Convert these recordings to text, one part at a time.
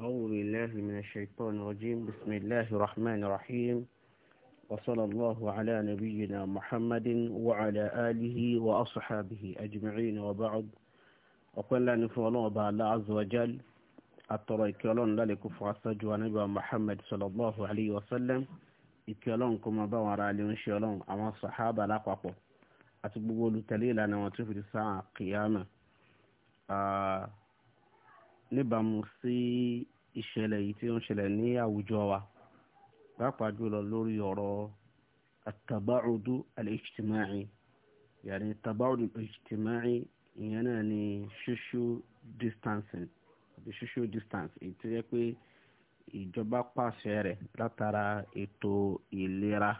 أعوذ بالله من الشيطان الرجيم بسم الله الرحمن الرحيم وصلى الله على نبينا محمد وعلى آله وأصحابه أجمعين وبعض أقول لنا فولون الله عز وجل أترى إكيالون للك فأسجوا نبي محمد صلى الله عليه وسلم إكيالون كما بوار عليهم شيالون أما الصحابة لقوا أتبقوا لتليل أنا وتفر ساعة قيامة آه níbàámu sí ìṣẹ̀lẹ̀ yìí tí ó ń ṣẹlẹ̀ ní àwùjọ wa pàápàá jùlọ lórí ọ̀rọ̀ àtàbáòdù àlẹ́jìtìmáì yàrá tàbáòdù àlẹ́jìtìmáì ìyẹn náà ni social distancing àbí social distance èyí tó yẹ pé ìjọba pàṣẹ rẹ̀ látara ètò ìlera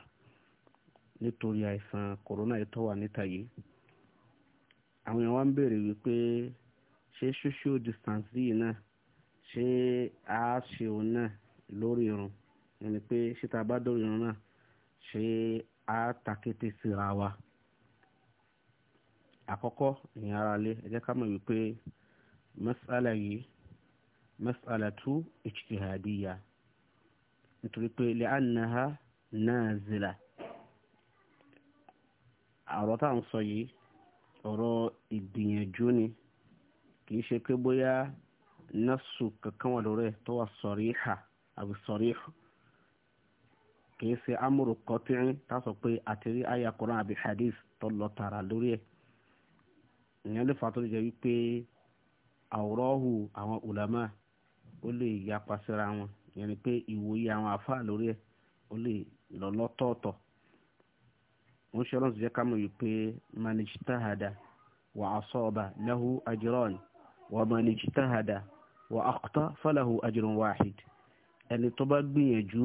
nítorí àìsàn kòrónà yìí wà níta yìí àwọn èèyàn wá ń béèrè wípé ṣé social distance yìí náà ṣé a ṣe òun náà lórí irun ẹni pé ṣé tá a bá dórí irun náà ṣé a takété síra wa àkọ́kọ́ ìyẹn ara lé ẹ ká mọ̀ wípé mas'ala yìí mas'ala tu ijtihadiyya nítorí pé li'annaha nazila àrọ́ tá à ń sọ yìí ọ̀rọ̀ ìgbìyànjú ni kìí ṣe pé bóyá nafsu kankan wà lórí ẹ̀ tó wà sọ̀ríhà àbí sọ̀ríhù kìí ṣe amúrò kọtírín tásọ pé àtẹrí àyà Qur'an àbí hadith tó lọ tààrà lórí ẹ̀ ìyẹn lè fa tó lè jẹ́ wípé àwòrọ́hù àwọn ulama ó lè yapa síra wọn ìyẹn ni pé ìwòye àwọn àfáà lórí ẹ̀ ó lè lọ lọ́tọ̀ọ̀tọ̀ wọ́n ṣe ọlọ́run ti jẹ́ ká mọ̀ wípé manijtahada wa asaba lahu ajran waman ijtahada wa aqta falahu ajrun wahid ẹni tó bá gbìyànjú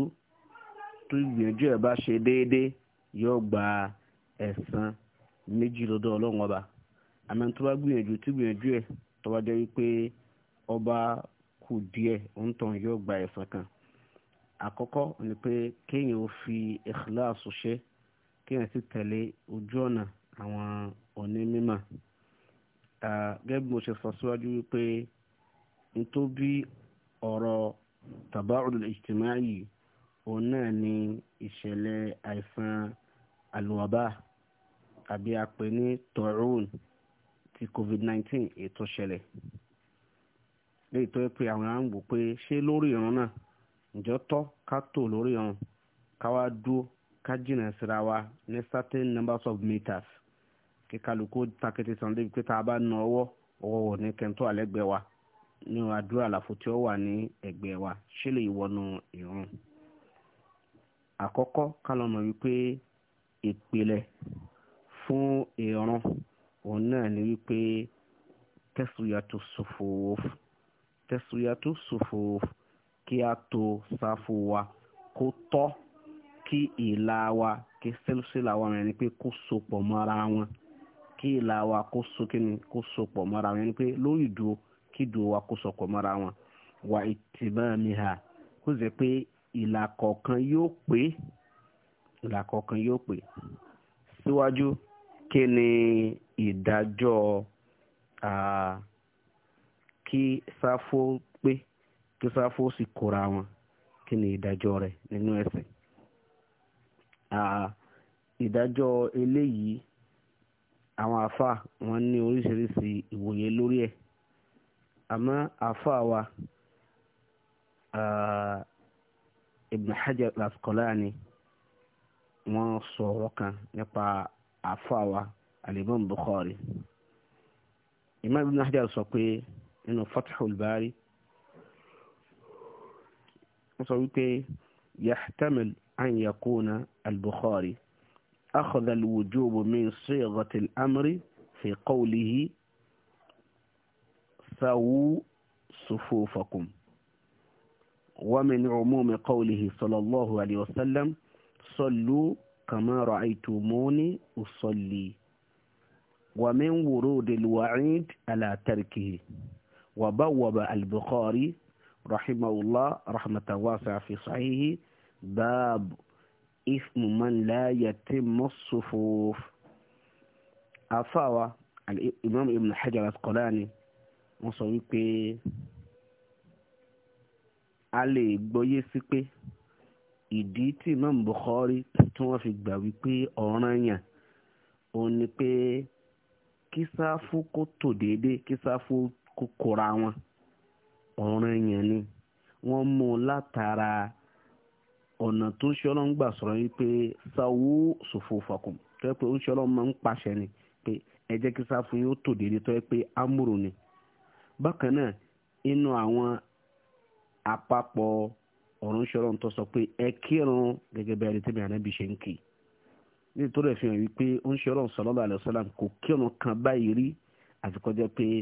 tó gbìyànjú ẹ̀ bá ṣe déédéé yóò gba ẹ̀san méjì lọ́dọ̀ ọlọ́run ọba àmọ́ tó bá gbìyànjú tó gbìyànjú ẹ̀ tó bá jẹ́ wípé ọba kù díẹ̀ òǹtàn yóò gba ẹ̀san kan àkọ́kọ́ ni pé kéèyàn ó fi ikhlasu ṣe kéèyàn sì tẹ̀lé ojú ọ̀nà àwọn onímímọ̀ gẹ́gẹ́ bí mo ṣe sọ síwájú wípé n tó bí ọ̀rọ̀ tabaud al-ijtimai òun náà ni ìṣẹ̀lẹ̀ àìsàn alùwàbá àbí a ní tọ̀rún ti covid-19 ètò ṣẹlẹ̀ léyìí tó yẹ pé àwọn ará ń wò pé ṣé lórí ìran náà ǹjọ́ tọ́ ká tò lórí ìran ká wá dúró ká jìnnà síra wa ní certain numbers of meters kí kálukú takété san débi pé tá a bá na ọwọ́ ọwọ́ wọ̀ ní kẹ́ńtọ́ àlẹ́gbẹ̀ẹ́ wa ní àdúrà àlàfo tí ó wà ní ẹ̀gbẹ́ wa ṣé lè wọnú ìrun. àkọ́kọ́ kálọ̀mọ̀ wípé ìpìlẹ̀ fún ìrun òun náà ni wípé tẹ́sùyàtò sòfòwòf tẹ́sùyàtò sòfòwòf kí a tò sáfù wa kó tọ́ kí ìlà wa kí sílùsílà wa rẹ̀ ni pé kó so mọ́ ara wọn kí ìlà wa kó sókínú kó sopọ̀ mọ́ra wọn yẹn pé lórí ìdúró kí ìdúró wa kó sopọ̀ mọ́ra wọn wà ìtìmọ́miha kó sì pé ìlà kọ̀ọ̀kan yóò pé ìlà kọ̀ọ̀kan yóò pé síwájú kí ni ìdájọ́ kí sáfó pé kí sáfó sì kóra wọn kí ni ìdájọ́ rẹ̀ nínú ẹ̀sìn ìdájọ́ eléyìí àwọn àfa wọn ní oríṣiríṣi ìwòye lórí ẹ̀ àmọ́ àfa wa Ibn Hajar al-Asqalani wọ́n sọ̀rọ̀ kan nípa àfa wa al-Imam Bukhari Imam Ibn Hajar sọ pé nínú Fathul Bari wọ́n sọ wípé yahtamil an yakuna al أخذ الوجوب من صيغة الأمر في قوله سووا صفوفكم ومن عموم قوله صلى الله عليه وسلم صلوا كما رأيتموني أصلي ومن ورود الوعيد على تركه وبوب البخاري رحمه الله رحمة واسعة في صحيحه باب ifmu man la yatimmu sufuf àfàwà imam ibn hajar al-asqalani wọ́n sọ wípé a lè gbọ́yé sí pé ìdí tí imam bukhari tí wọ́n fi gbà wípé ọ̀ranyàn òun ni pé kí sáfù tò déédéé kí sáfù kóra wọn ọ̀ranyàn ni wọ́n mú un látara ọ̀nà tó ń ṣọlọ́ ń gbà sọ̀rọ̀ yìí pé sawu sufufakum tó yẹ pé ó ń ṣọlọ́ máa ń pàṣẹ ni pé ẹ jẹ́ kí sáfù yóò tò déédé tó yẹ pé amúrò ni bákan náà inú àwọn àpapọ̀ ọ̀run ṣọlọ́ ń tọ́ sọ pé ẹ kírun gẹ́gẹ́ bí ẹni tí mi ànábì ṣe ń kì nítorí ẹ̀ fi hàn wípé ó ń ṣọlọ́ sallallahu alaihi wasallam kò kírun kan báyìí rí àti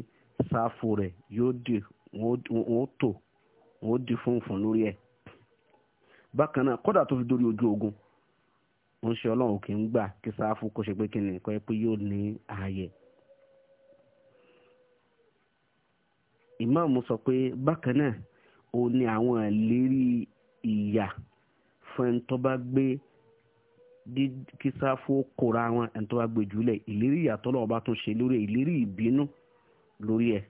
bákan náà kódà tó fi dórí ojú ogun wọ́n ṣe ọlọ́run kì í gbà kí sáfù kó ṣe pé kí ni kọ́ pé yóò ní ààyè. ìmáàmù sọ pé bákan náà ó ní àwọn ìlérí ìyà fún ẹni tó bá gbé kí sáfù kóra wọn ẹni tó bá gbé jùlẹ̀ ìlérí ìyà tọ́lọ́run bá tún ṣe lórí ìlérí ìbínú lórí ẹ̀.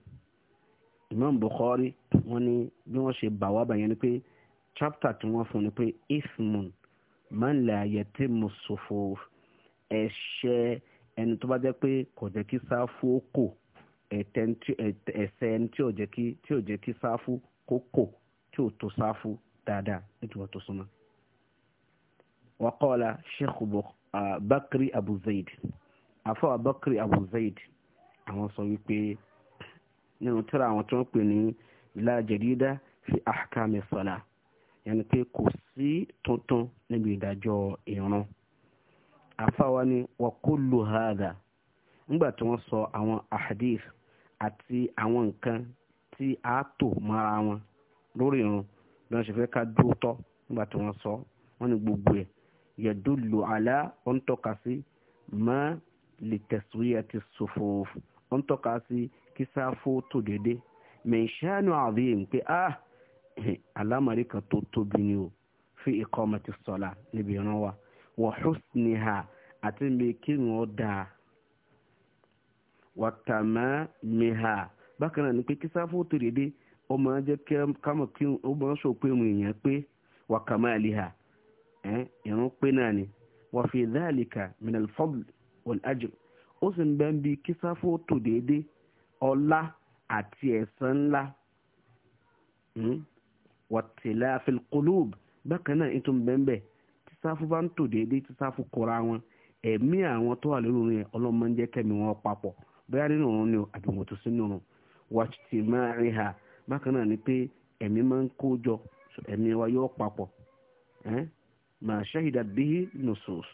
ìmáàmù Bukhari wọ́n ní bí wọ́n ṣe bà wá bàyẹn ni pé chapter tí wọ́n fún ni pé ismun man la yatimu sufuf ẹ̀ṣẹ̀ ẹni tó bá jẹ́ pé kò jẹ́ kí sáfù ó kò ẹ̀ṣẹ̀ ẹni tí ò jẹ́ kí tí ò jẹ́ kí sáfù kó kò tí ò tó sáfù dáadáa nítorí tó súnmọ́. wa qala sheikh bakri abu zaid afọ bakri abu zaid àwọn sọ wípé nínú tíra àwọn tí wọ́n pè ní la jadida fi ahkami salah yẹnni pé kò sí tuntun níbi ìdájọ́ ìrun àfáwa ni wa kullu hadha nígbà tí wọ́n sọ àwọn ahadith àti àwọn nǹkan tí a tò mọ́ra wọn lórí ìrun bí wọ́n ṣe fẹ́ ká dúró tọ́ nígbà tí wọ́n sọ wọ́n ní gbogbo ẹ̀ yadullu ala ó ń sí ma li taswiyati sufuf ó ń tọ́ka sí kí sáfó tò déédéé min sha'nu azim pé ah. alámọ̀rí kan tó ni o fi iqamati ssalah níbi ìran wa wa husniha àti mi ni ó dáa wa tamamiha bákan náà ni pé kí sáfù ó máa kí ó máa mu èèyàn pé wa kamaliha ìrún pé náà ni wa fi wal ó sì ń bẹ́ẹ̀ kisa foto sáfù ọlá àti ńlá hmm? wàtílẹ̀ àfẹlẹ́kọlóòbù bakana náà ètò bẹ́ẹ̀ tí sáfù bá ń tò déédéé tí sáfù kọra wọn ẹ̀mí àwọn tó wà lórí òun yẹn wọn papọ̀ bóyá nínú ni àbí wọn ha bakana ni pé ẹ̀mí máa ń kó jọ ẹ̀mí wa yóò papọ̀ màá ṣáhìdà bíi nùsùs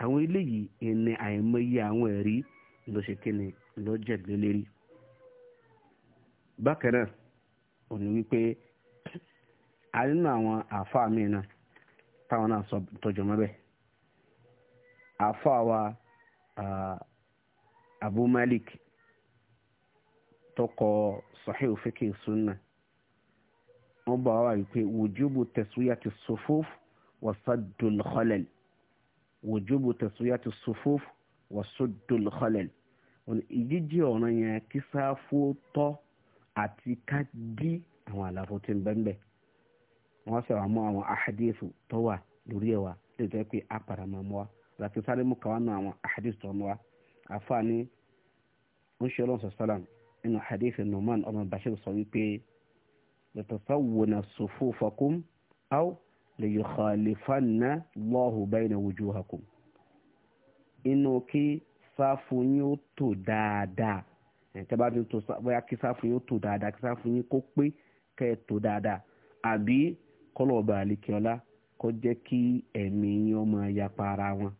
àwọn eléyìí a nínú àwọn àfa mi náà táwọn náà sọ tọjọ mọ bẹ́ẹ̀ àfa wa Abu Malik tọkọ sahih fiqh sunna wọn bá wa wípé wujubu taswiyati sufuf wa saddul khalal wujubu taswiyati sufuf wa saddul khalal ìdíje ọ̀ràn yẹn kí sáfù tọ́ àti ká dí àwọn àlàfo tí ń bẹ́ẹ̀ bẹ́ẹ̀ wọ́n sọ̀rọ̀ àmọ́ àwọn ahadíìsù tó wà lórí ẹ̀ wá lè jẹ́ pé a padà máa mú wa láti sáré mú kàwá náà àwọn ahadíìsù tó mú wa àfààní ń ṣe nínú ahadíìsù Nu'man ọmọ Bashir sọ wípé latasawwuna sufufakum aw liyukhalifanna Allahu bayna wujuhakum inú kí sáfù yín ó tò dáadáa tẹ́bá tó bóyá kí sáfù yín ó tò dáadáa kí sáfù yín kó pé kẹ́ ẹ̀ dáadáa àbí kọ́lọ̀ ọba àlekíọ́lá kọ́ jẹ́ kí ẹ̀mí yín ọmọ yapa ara wọn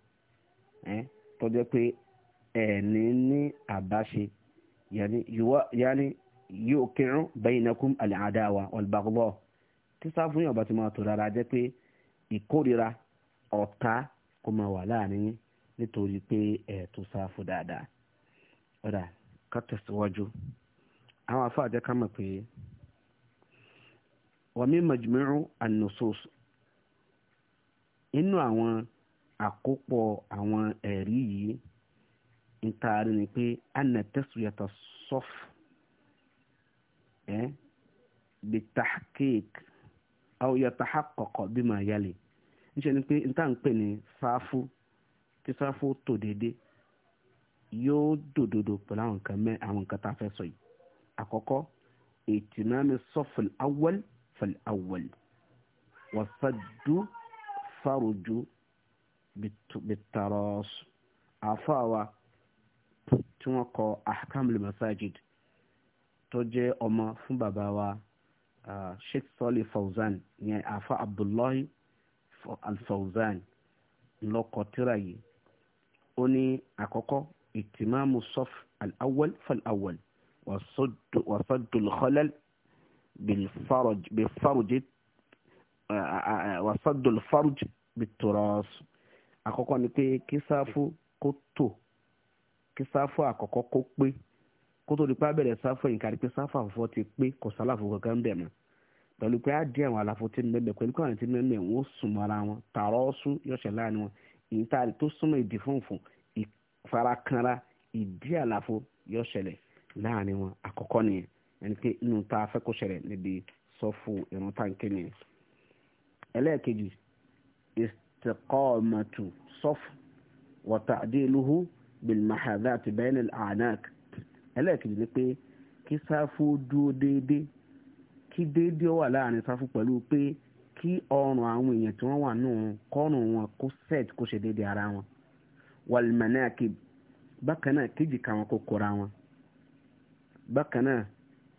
tó jẹ́ pé ẹ̀ẹ́ni ní àbáṣe yáni yóò kírun bainakum al-adawa wal-baghdha tísà fún yàrá tí máa tò rárá jẹ́ pé ìkórira ọ̀tá kò máa wà láàrin nítorí pé ẹ̀ẹ́tò sáfù dáadáa ọ̀dà ká tẹ̀síwájú àwọn afáàjẹ́ ká mọ̀ pé wàmí majmu'u an-nusus inú àwọn àkópọ̀ àwọn ẹ̀rí yìí ń taari ni pé anna taswiyata saf ẹ́ bitahqiq aw yatahaqqaq bima yali níṣẹ́ ni pé n tá à ń pè ní sáfù tí sáfù tò déédéé yóò dòdòdò pẹ̀lú àwọn nǹkan mẹ́ àwọn nǹkan tá a fẹ́ sọ yìí àkọ́kọ́ ètìmámi sọ́fù awọ́lì فالأول والصد فرج بالتراص عفاوة تنقى أحكام المساجد توجي أما فنباباوا Sheikh Sọ́lé Fawzan ní àfa Abdullahi Al-Fawzan lọ́kọ̀ tíra yìí ó ní àkọ́kọ́ ìtìmáàmù sọ́f al-awwal fal-awwal wàsọ́dùl-khalal بالفرج wasadul farj bituras àkọ́kọ́ ni pé kí sáfù kó tò kí sáfù àkọ́kọ́ kó pé kó tó di pé abẹ́rẹ́ sáfù yìí kárí pé sáfù àfọ̀fọ́ ti pé kò sálàfù kankan bẹ̀ mọ́ pẹ̀lú pé á dín àwọn àlàfo tí ń bẹ̀bẹ̀ pẹ̀lú káwọn tí ń bẹ̀bẹ̀ wọ́n sùn wọn tààrọ́ sún yọ̀ṣẹ̀ láàrin wọn èyí tá a lè tó súnmọ́ ìdí fúnfún ìfarakanra ìdí wọn àkọ́kọ́ nìyẹn ẹni pé inú tá a fẹ́ kó ṣẹlẹ̀ níbi sọ́fù irun táǹkì ni ẹlẹ́ẹ̀kejì istiqamatu sọ́fù wa ta'diluhu bil mahadhat bayna al a'nak ẹlẹ́ẹ̀kejì ni pé kí sáfù dúró déédéé kí déédéé ó wà láàrin sáfù pẹ̀lú pé kí ọrùn àwọn èèyàn tí wọ́n wà nù kọ́rùn wọn kó set kó ṣe déédéé ara wọn wal manakib bákan náà wọn kó kóra wọn bákan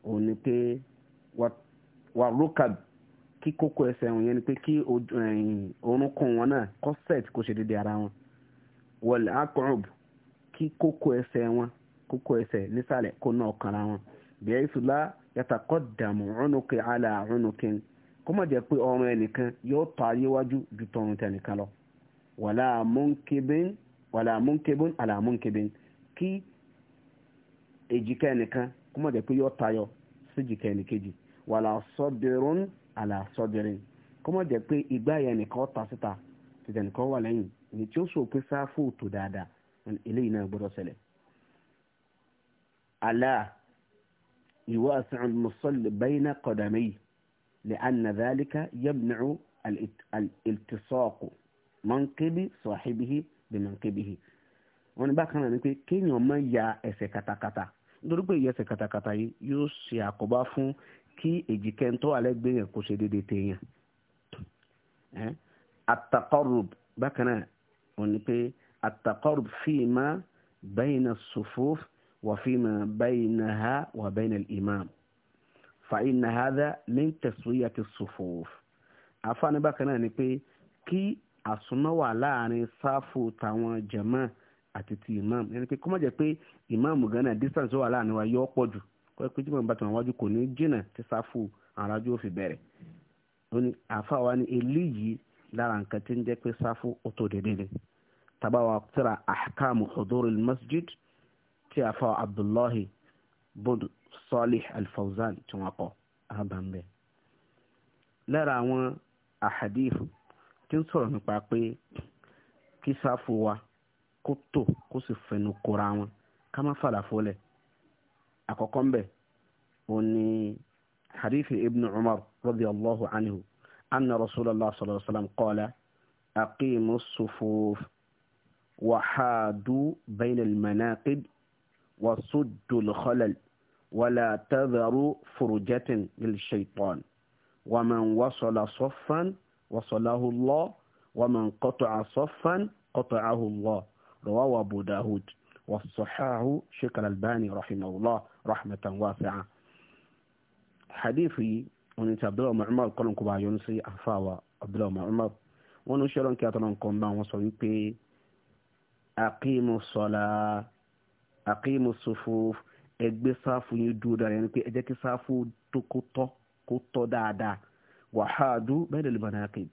òun ni pé wà rúkàb kí kókó ẹsẹ̀ wọn yẹn ni pé kí orúnkún wọn náà corset kó ṣe déédéé ara wọn wọlé akọrọb kí kókó ẹsẹ̀ wọn kókó ẹsẹ̀ nísàlẹ̀ kó náà kanra wọn bí ẹ̀sùlá yàtà kọ́ dààmú ọ̀nùkẹ́ àlà ọ̀nùkẹ́ kọ́mọ̀ jẹ́ pé ọrùn ẹnìkan yóò tọ́ ayéwájú ju tọrùn tẹnìkan lọ wàlà múnkébín àlà múnkébín kí èjìká ẹnìkan kó mọ̀ jẹ́ pé yọ tayọ síjìkà ẹnìkejì wàlà sọ́dẹ̀rún àlà sọ́dẹ̀rín kó mọ̀ jẹ́ pé ìgbà yẹn nìkan ta síta tìtẹ̀ nìkan wà lẹ́yìn ní tí ó sọ pé sáfù tó dáadáa eléyìí náà gbọ́dọ̀ ṣẹlẹ̀. àlà ìwọ àṣàn mùsọ̀lì bẹ́yìnà kọ̀dàmẹ́yì lè ànà dálíkà yẹ́mùnú àlìtìsọ́ọ̀kù mọ́ńkébí sọ̀híbíhí bìmọ̀ńkébíhí. wọ́n ní bákan náà ni pé kéèyàn máa ya ẹsẹ̀ katakata nítorí pé ìyẹsẹ̀ katakata yìí yóò ṣe àkóbá fún kí èjìkẹ́ ń tó alẹ́ gbé yẹn kó ṣe déédéé téèyàn at-taqarrub bákan náà wọ́n ní pé at-taqarrub fima bayna as-sufuf wa fima baynaha wa bayna al-imam fa inna hadha min taswiyati as-sufuf bákan náà ni pé kí àsùnmọ́ láàrin sáfù tàwọn jàmáà àti ti imam ẹni pé kó má jẹ́ pé imam gánà distance wà láàrin wa yọ pọ̀ jù kọ́ pé jimoh bàtà wọn wájú kò ní jìnnà tí sáfù àràjù ò bẹ̀rẹ̀ ó ní àfa wa ní eléyìí lára nǹkan tí ń jẹ́ pé sáfù ó dédé ni tabawa tíra ahkamu huduril masjid tí àfa abdullahi bud salih alfawzan tí wọ́n kọ́ abambe lára àwọn ahadith tí ń sọ̀rọ̀ nípa pé kí sáfù wa kó tò kó sì fẹnu kóra wọn ká má fàlàfó lẹ̀ àkọ́kọ́ ń bẹ̀ ó ní hadithi ibn umar radiyallahu anhu anna rasulallah sallallahu alaihi wa sallam qala aqimu sufuf وحادوا بين المناقب وصدوا الخلل ولا تذروا فرجة للشيطان ومن وصل صفا وصله الله ومن قطع صفا قطعه الله rawahu abu dawud wa sahahu sheikh al-albani rahimahullah rahmatan wasi'a hadith yìí wọn ni ti abdullahi muhammad kọlọn kọba ayọ sí àfàwà abdullahi muhammad wọn ni ṣẹlẹ nkí àtọlọ nǹkan bá wọn sọ wípé aqimu sọlá aqimu sufuf ẹgbẹ́ sáfù yín dúró dára yẹn ni pé ẹ jẹ́ kí sáfù tó kó tọ́ kó tọ́ dáadáa wàhádù bẹ́ẹ̀ lè lùbọ̀n náà kì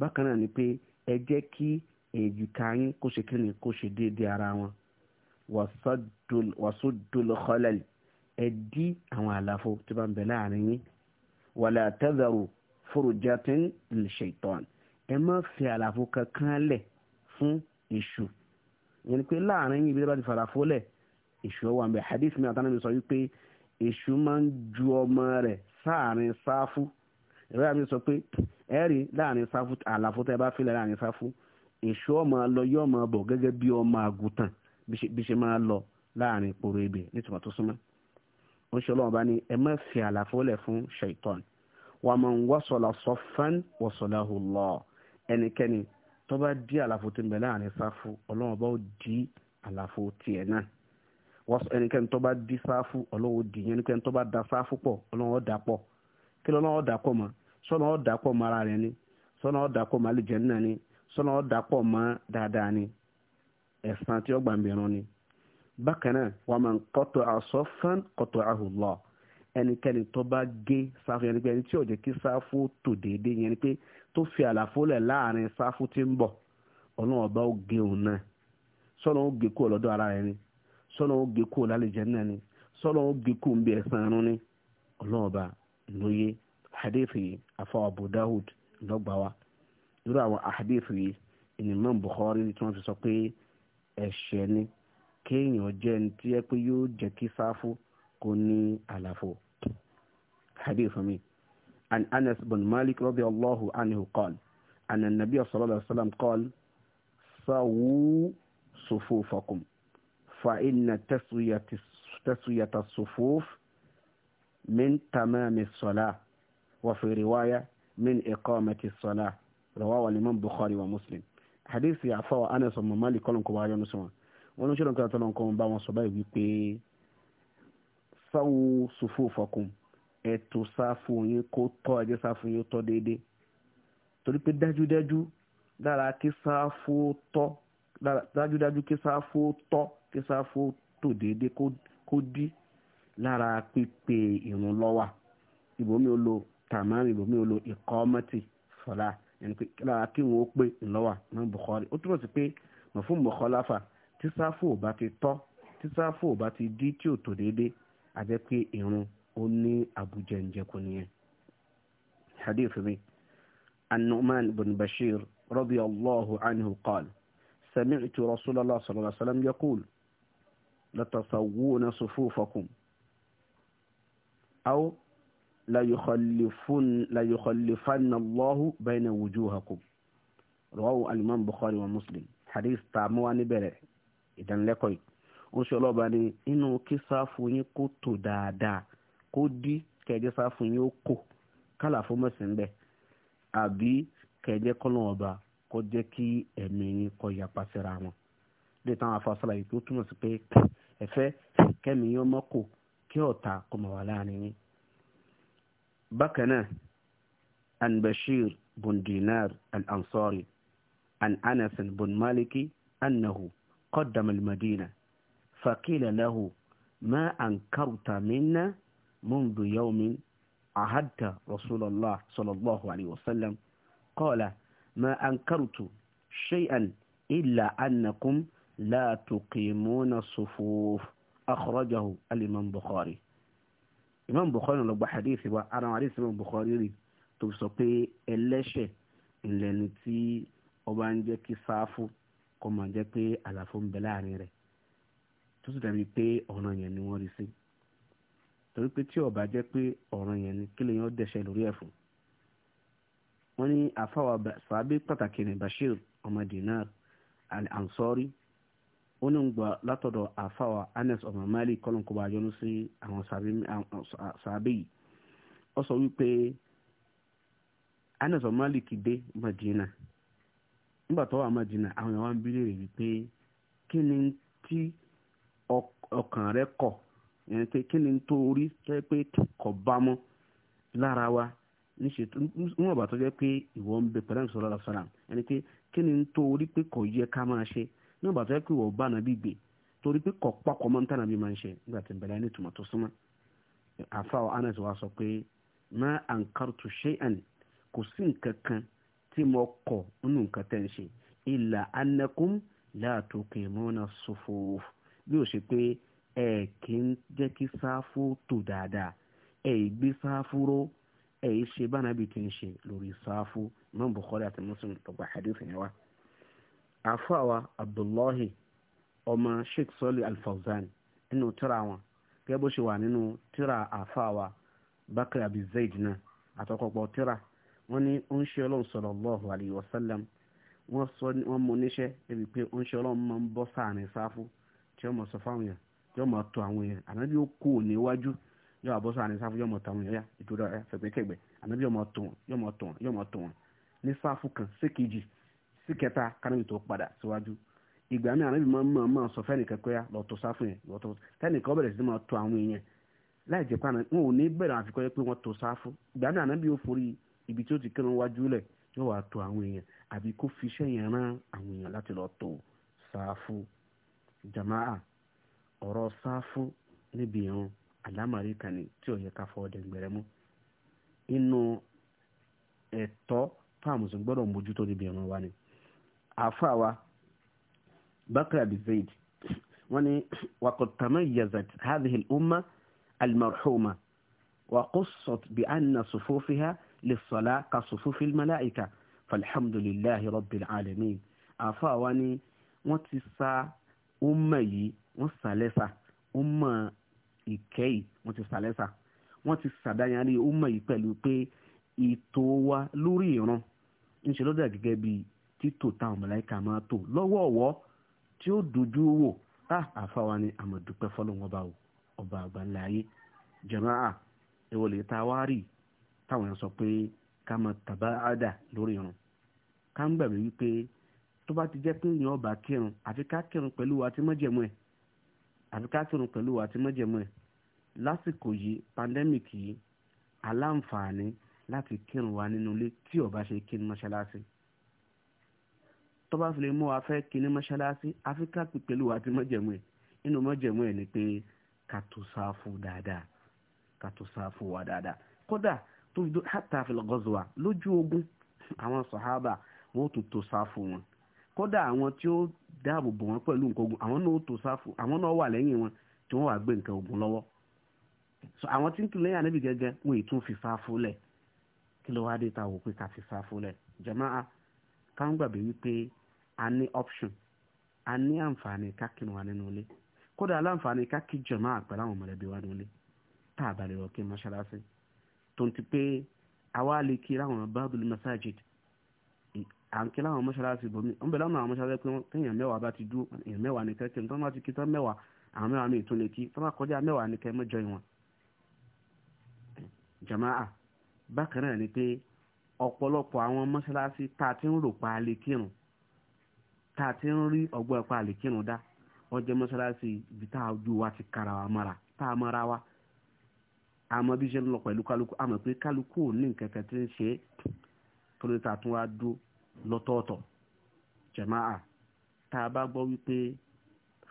bákan náà ni pé ẹ jẹ́ kí èjìká yín kó ṣe kíni kó ṣe déédéé ara wọn wàsódòlò kọlẹ̀lì ẹ dí àwọn àlàfo tó bá ń bẹ láàrin yín wàlà tẹ́zẹ̀rù fòròjàtìn lè ṣètọ́n ẹ má fi àlàfo kankan lẹ̀ fún èṣù yẹn pé láàrin yín ibi tó bá ti fara fólẹ̀ èṣù ọwọ́ àmì hadith mi àtàwọn mi sọ wípé èṣù máa ń ju ọmọ rẹ̀ sáàrin sáfù ìrora mi sọ pé ẹ̀rí láàrin sáfù àlàfo tẹ́ ẹ bá fi lẹ̀ láàrin sáfù èṣù ọmọ lọ yọ ọmọ bọ̀ gẹ́gẹ́ bí ọmọ àgùntàn bí ṣe máa lọ láàrin poro ebè nítorí tó súnmọ́ ó ṣe ọlọ́run bá ní ẹ má fi àlàfo lẹ̀ fún ṣèitán wà á máa ń wọ́sọ̀lá sọ́fán wọ́sọ̀lá hùlọ ẹnikẹ́ni tó bá dí àlàfo tí ń bẹ láàrin sáfù ọlọ́run bá ó dí àlàfo tiẹ̀ náà ẹnikẹ́ni tó bá dí sáfù ọlọ́run ó yẹn ẹnikẹ́ni tó bá da sáfù pọ̀ ọlọ́run ó dà pọ̀ kí lọ́nà ó dà pọ̀ mọ́ sọ́nà ó dà pọ̀ mọ́ ara rẹ̀ ni sọ́nà ó pọ̀ mọ́ àlùjẹ́ náà ni sọ́nà ọ̀dà pọ̀ mọ́ dáadáa ni ẹ̀sán tí ó gbà ni bákan náà wà máa ń kọ́tọ̀ àṣọ fún kọ́tọ̀ àhùlọ́ ẹnikẹ́ni tó bá gé sáfù yẹn ni pé ẹni tí ò jẹ́ kí sáfù tò déédéé yẹn ni pé tó fi àlàfo lẹ̀ láàrin sáfù tí ara rẹ ni sọ́nà ó gé lálejẹ́ náà ni sọ́nà ó gé bí ẹ̀sán ni ọlọ́run ọba lóye afọ Abu wa. irú àwọn àhàdíìsì yìí ìnìmọ̀ Bukhari tí wọ́n fi sọ pé ẹ̀ṣẹ̀ ni kéèyàn jẹ́ ẹni tí ẹ pé yóò jẹ́ kí sáfù kó ní àlàfo mi. أنس بن مالك رضي الله عنه قال أن النبي صلى الله عليه وسلم قال سووا صفوفكم فإن تسوية تسوية الصفوف من تمام الصلاة وفي رواية من إقامة الصلاة rawahu al-imam bukhari wa muslim hadisi afawa anas ọmọ malik kọlọn kọba ayọ nusọ wọn wọn ṣe lọkọ àtọlọ nǹkan bá wọn sọ báyìí wípé sáwù sufufakum ẹtù sáfù yín kó pe daju daju. yín tọ́ déédéé torí pé daju dára kí sáfù to dájúdájú kí sáfù tọ́ kí sáfù tò déédéé kó dí lára pípe ìrun lọ́wà ìbomi olo tàmáàmì ìbomi olo ìkọ́mọ́tì sọ́lá. So ẹni pé lára kí wọn ó pé ńlọ́wà ní Bukhari ó túmọ̀ sí pé mọ̀ fún mọ̀kọ́láfà tí sáfù ò bá ti tọ́ tí sáfù ò bá ti dí tí ò tò déédéé àjẹ́ pé irun ó ní àbújá ìjẹkù nìyẹn. hadith mi an-Nu'man bin Bashir radiyallahu anhu qala sami'tu Rasulullah sallallahu alaihi wasallam yaqul latasawwuna sufufakum aw la yukhalifanna Allahu bayna wujuhakum rawahu al-imam Bukhari wa Muslim hadith ta mú wa níbẹ̀rẹ̀ ìdánilẹ́kọ̀ọ́ yìí ó ṣe ọlọ́ba ni inú kí sáfù yín kó tò dáadáa kó dí kẹjẹ sáfù yín ó kò kálà fún mọ̀sìn bẹ́ẹ̀ àbí kẹjẹ kọ́nà ọba kó jẹ́ kí ẹ̀mí yín kọ́ yapa síra wọn lè táwọn afasọ́lá yìí tó túmọ̀ sí pé ẹ̀fẹ́ kẹ́mi yín ọmọ kò kí ọ̀tá kọ́ mọ̀ wá láàrin yín بكنا عن بشير بن دينار الأنصاري عن أنس بن مالك أنه قدم المدينة فقيل له ما أنكرت منا منذ يوم عهدت رسول الله صلى الله عليه وسلم قال ما أنكرت شيئا إلا أنكم لا تقيمون الصفوف أخرجه الإمام بخاري imam bukhari ló gba hadith wa ara wọn hadith imam bukhari rí tó sọ pé ẹlẹ́ṣẹ̀ ńlẹ́ni tí ọba ń jẹ́ kí sáfù kọ́ máa jẹ́ pé àlàfo ń bẹ láàrin rẹ̀ tó sì dàbí pé ọ̀nà yẹn ni wọ́n rí sí torí pé tí ọba jẹ́ pé ọ̀ràn yẹn ni kí lèyàn dẹ̀ṣẹ̀ lórí ẹ̀ fún wọ́n ní àfáwà sàbí pàtàkì ní bashir ọmọ dinar al-ansori onígbà latodo afawa Anas ọmọ mali kọlọ̀nkọba yọnu sí àwọn sàbẹ̀ yìí ó sọ wípé Anas ọmọ mali kì dé Madina nígbà tó wà Madina àwọn èèyàn ń bí léèrè wípé kí ni tí ọkàn rẹ kọ̀ yẹn pé kí ni tó rí tó yẹ pé kò bá mọ́ lára wa níṣètò níwọ̀n bàtọ́ jẹ́ pé ìwọ ń bẹ pẹ̀lú àmì sọ̀rọ̀ àlàsàlám ẹni pé kí ni tó rí pé kò yẹ ká máa ṣe náà bàtà ẹ pé wọ́n bá nàbí gbé torí pé kọ̀ pákọ̀ mọ́ níta nàbí máa ń ṣe nígbà tí bẹ̀rẹ̀ ní tòmọ́tò súnmọ́ àfa ọ anas wa sọ pé má ankartu shay'an kò sí nǹkan kan tí mo kọ̀ nínú nǹkan tẹ́ ń ṣe illa annakum la tuqimuna sufuf bí ó ṣe pé ẹ kì í jẹ́ kí sáfù tò dáadáa ẹ gbé sáfù ró ẹ ṣe bá nàbí ti ń ṣe lórí sáfù Imam Bukhari àti Muslim tó gba hadith wá. afọ awa abdullahi ọmọ sheikh sọlì nínú tíra wọn gẹ́gẹ́ bó ṣe wà nínú tíra àfọwà abi zayd na àtọkọ̀pọ̀ tíra wọn ni ó ń ṣe ọlọ́run sallallahu alayhi wa sallam sọ wọ́n mú níṣẹ́ ebi pé ó ń ṣe ọlọ́run máa ń bọ́ sáàrin sáfù tí ó mọ̀ sọ fáwọn èèyàn tí ó mọ̀ àwọn èèyàn ó kú níwájú sí kẹta kánábì tó padà síwájú ìgbà mi ànábì máa ma mọ̀ máa sọ fẹ́nìkan pé lọ tó sáfù yẹn lọ tó fẹ́nìkan bẹ̀rẹ̀ sí máa tó àwọn èèyàn láì jẹ́ pé wọn ò ní bẹ̀rẹ̀ àfikọ́ yẹ pé wọ́n tó sáfù ìgbà mi ànábì yóò forí ibi tí ó ti kírun wájú lẹ̀ yóò wá tó àwọn èèyàn àbí kó fi iṣẹ́ yẹn rán àwọn èèyàn lọ tó sáfù jamaa ọ̀rọ̀ sáfù níbi àlámàrí kan ni tí ò yẹ ká ọdẹ àáfàá wa bakra bizaid wọ́n ní waqad tamayyazat hadhihi al-umma al-marhuma wa qussat bi anna sufufiha lis-salati ka sufufi al-mala'ika falhamdulillahi rabbil alamin àáfàá wa ní wọ́n ti sa umma yìí wọ́n sàlẹ́sà umma ìkẹyì wọ́n ti sàlẹ́sà wọ́n ti sàdáyanrí umma yìí pẹ̀lú pé ètò wa lórí ìran ń ṣe lọ́dà gẹ́gẹ́ bíi títò táwọn mọ̀láìkà máa tò lọ́wọ́ ọ̀wọ́ tí ó dojú wò á àfáwa ni àmọ̀dúpẹ́ fọlọ́wọ́n bá wò ọba àgbà ńlá ayé jàmáà èwo lè ta wá rí táwọn sọ pé ká máa tàbá àdà lórí irun ká ń gbàgbé wípé tó bá ti jẹ́ pé èèyàn ọba kírun àfi ká kírun pẹ̀lú wa tí mọ́jẹ̀mú ẹ̀ àfi ká kírun pẹ̀lú wa tí mọ́jẹ̀mú ẹ̀ lásìkò yìí pandemic yìí aláǹfààní láti kírun wa nínú ilé tí ó ṣe kí mọ́ṣáláṣí tó bá fi lè mú wa fẹ́ kíní mọ́ṣáláṣí áfíríkà pẹ̀lú àti mọ́jẹ̀mú ẹ̀ nínú mọ́jẹ̀mú ẹ̀ ni pé ká tó sáfù dáadáa ká tó sáfù wa dáadáa kódà tó fi hàtà fil ghazwa lójú ogun àwọn sàhábà wọn ò tún tó sáfù wọn kódà àwọn tí ó dáàbò bò wọn pẹ̀lú nǹkan ogun àwọn náà tó sáfù àwọn náà wà lẹ́yìn wọn tí wọ́n wà gbé nǹkan ogun lọ́wọ́ so àwọn tí ń tún lẹ́yìn ànábì gẹ́gẹ́ wọn ì tún fi sáfù lẹ̀ kí ló wá dé ta wò pé ká fi sáfù lẹ̀ jàmáà ká gbàgbé wípé a option a ní kaki kákìnù wa nínú ilé kódà aláǹfààní kákì jọ̀mọ́ àpẹẹrẹ àwọn mọ̀lẹ́bí wa nínú ilé tá a bá lè rọ̀ kí mọ́ṣáláṣí tó ń ti pé àwa lè kí láwọn bábùlù masajid à ń kí láwọn mọ́ṣáláṣí bòmí ń bẹ láwọn àwọn mọ́ṣáláṣí pé téèyàn mẹ́wàá bá ti dúró èèyàn mẹ́wàá ní kẹ́kẹ́ tó má ti kí tán mẹ́wàá àwọn mẹ́wàá mi ìtún lè kí tó má kọjá mẹ́wàá ní kẹ́ mọ́jọ ìwọ̀n. jama'a bákan náà ni pé ọ̀pọ̀lọpọ̀ àwọn mọ́ṣáláṣí tá a tá a ti ń rí ọgbọ́n ẹ̀pá àlèkírun dá wọ́n jẹ́ mọ́ṣáláṣí ibi tá a ojú wa ti kara wa mọ́ra tá a mọ́ra wa àmọ́ bí ṣe ń lọ pẹ̀lú kálukú àmọ́ pé kálukú ò ní nǹkan kan tí ń ṣe torí ta tún wá dúró lọ́tọ̀ọ̀tọ̀ jàmáà tá a bá gbọ́ wípé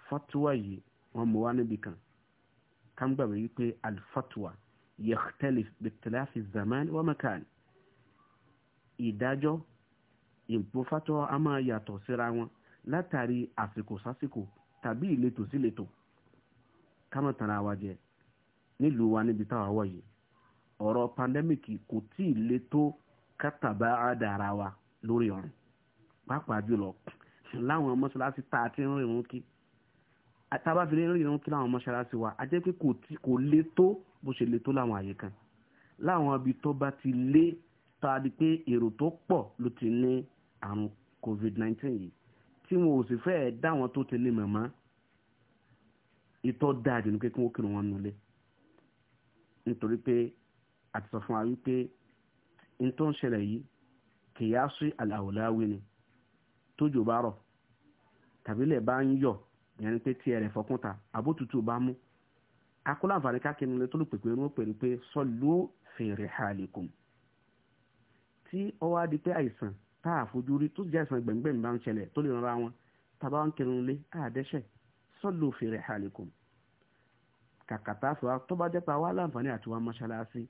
fatuwa yìí wọ́n mú wá níbi kan kángbà wípé alfatuwa yakhtalif bitilafi zaman wa makan ìdájọ́ ìbò fatuwa a máa yàtọ̀ síra wọn látàrí àsìkò sásìkò tàbí ìletò síletò kámọ́ tanra wa jẹ nílùú wa níbi táwa wà yìí ọ̀rọ̀ pandẹ́míkì kò tí ì le tó kátàbá àdàrà wa lórí ọ̀run pàápàá jùlọ láwọn mọ́ṣáláṣí tá a ti ń rìnrìn kí tábà fi rìnrìn kí láwọn mọ́ṣáláṣí wa a jẹ́ pé kò le tó bó ṣe le tó láwọn àyè kan láwọn ibi tó bá ti lé tá a di pé èrò tó pọ̀ ló ti ní àrùn covid-19 yìí tí wọn ò sì fẹ́ dá wọn tó tẹ̀lé màmá ìtọ́ dáa jù ní pé kí wọ́n kírun wọn nulẹ̀ nítorí pé àti sọ fún wa wípé n tó ń ṣẹlẹ̀ yìí kìyà sí àlàóláwí ni tójò bá rọ̀ tàbí lẹ̀ bá ń yọ̀ ìyẹn ni pé tí ẹ̀rẹ̀ fọkúnta àbótútù bá mú akọ́lá àǹfààní káàkiri nílé tó lù pèpè ní wọ́n pè ní pé sọ́lú fèrè hàlìkùn tí ọwọ́ á pé àìsàn tá a fojú rí tó jẹ́ àìsàn gbẹ̀ngbẹ̀ng bá ń ṣẹlẹ̀ tó lè rọra wọn tàbá ń kírun lé àdẹ́ṣẹ̀ sọ́lù fèrè àlékún kàkà tá a fọ tó bá jẹ́ pé àwa láǹfààní àti wa mọ́ṣáláṣí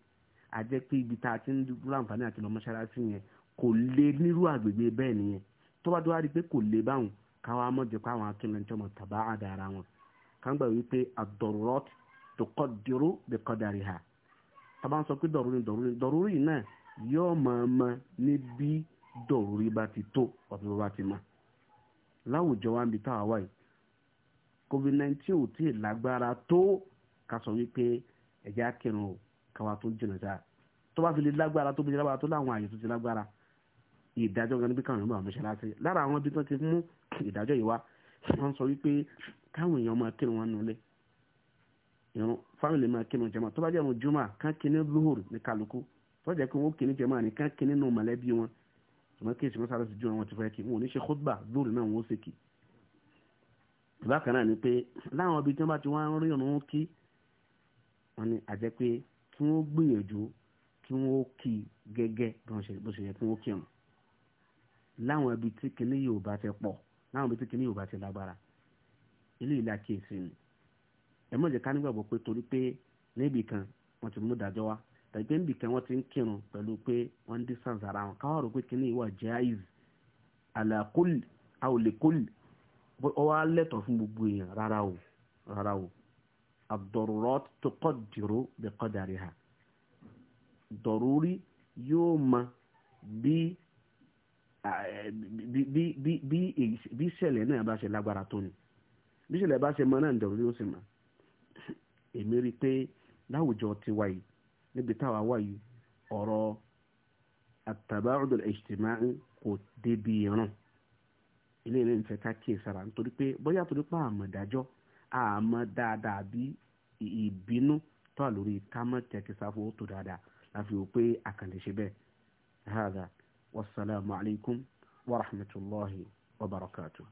a jẹ́ pé ibi tá a ti ń láǹfààní àti lọ mọ́ṣáláṣí yẹn kò lè nírú àgbègbè bẹ́ẹ̀ nìyẹn tó bá dúwárí pé kò lè báwọn káwa mọ̀ jẹ́ pé àwọn akínrin tí wọ́n tàbá àdá ara wọn kàǹgbà wípé àdọ̀rọ̀t tó kọ́ dirú dọ̀rúrí bá ti tó ọ̀tún bá ti mọ̀ láwùjọ wa ń bi táwa wáyé covid nineteen ò tí ì lágbára tó ká sọ wípé ẹ̀jẹ̀ akẹrùn ò káwa tó jìnnà dáa tó bá fi lè lágbára tó bí lágbára tó láwọn àyè tó ti lágbára ìdájọ́ gan níbi káwọn èèyàn bá mọ́ṣáláṣí lára àwọn ibi tó ti mú ìdájọ́ yìí wá wọ́n sọ wípé káwọn èèyàn máa kírun wọn nulẹ̀ ìrún fámìlì máa kírun jàmá tó bá jẹ́ ìrun jùmọ̀ kán kíní lóhùrù ní kálukú tó jẹ́ pé wọ́n kíní jàmá ní kán kíní nù mọ̀lẹ́bí wọn ṣùgbọ́n kí èsì mọ́sálà ti jó wọn ti fẹ́ kí wọn ò ní ṣe khutba dúró náà wọn ó ṣèkì bákan náà ni pé láwọn ibi tí wọ́n bá ti wá ń rí irun kí wọ́n ní àjẹ́ pé kí wọ́n gbìyànjú kí wọ́n kí gẹ́gẹ́ bó ṣe yẹ kí wọ́n kí ọ̀hún láwọn ibi tí kinní yóò bá ti pọ̀ láwọn ibi tí kinní yóò bá ti lágbára ilé ìlà kíyèsí ni ẹ mọ̀ jẹ́ ká nígbàgbọ́ pé torí pé níbì kan wọ́n ti mú dájọ́ wá tàbí níbi kan wọ́n ti ń kírun pẹ̀lú pé wọ́n ń distance ara wọn káwọn rò pé kíní ìwà jaiz àlàkólì àwòlẹ́kólì ọwọ́ alẹ́tọ̀ fún gbogbo èèyàn rárá o rárá o ad-darurat tuqaddiru bi qadariha dọ̀rúrí yóò mọ bí bí ìṣẹ̀lẹ̀ náà bá ṣe lágbára tó ni bí ìṣẹ̀lẹ̀ bá ṣe mọ náà dọ̀rúrí ó sì mọ èmi rí i pé láwùjọ tiwa yìí níbi táwa wà yìí ọ̀rọ̀ àtàbáwọ̀dọ̀ ìṣtìmáì kò débi ìran ilé ilé ìfẹ́ ká kíyè sára nítorí pé bóyá torí pé àmọ̀dájọ́ àmọ́ dáadáa bí ìbínú tó à lórí kámọ́ tẹ̀kísáfó tó dáadáa láfi wò pé àkàndé ṣe bẹ́ẹ̀. هذا والسلام عليكم ورحمة الله وبركاته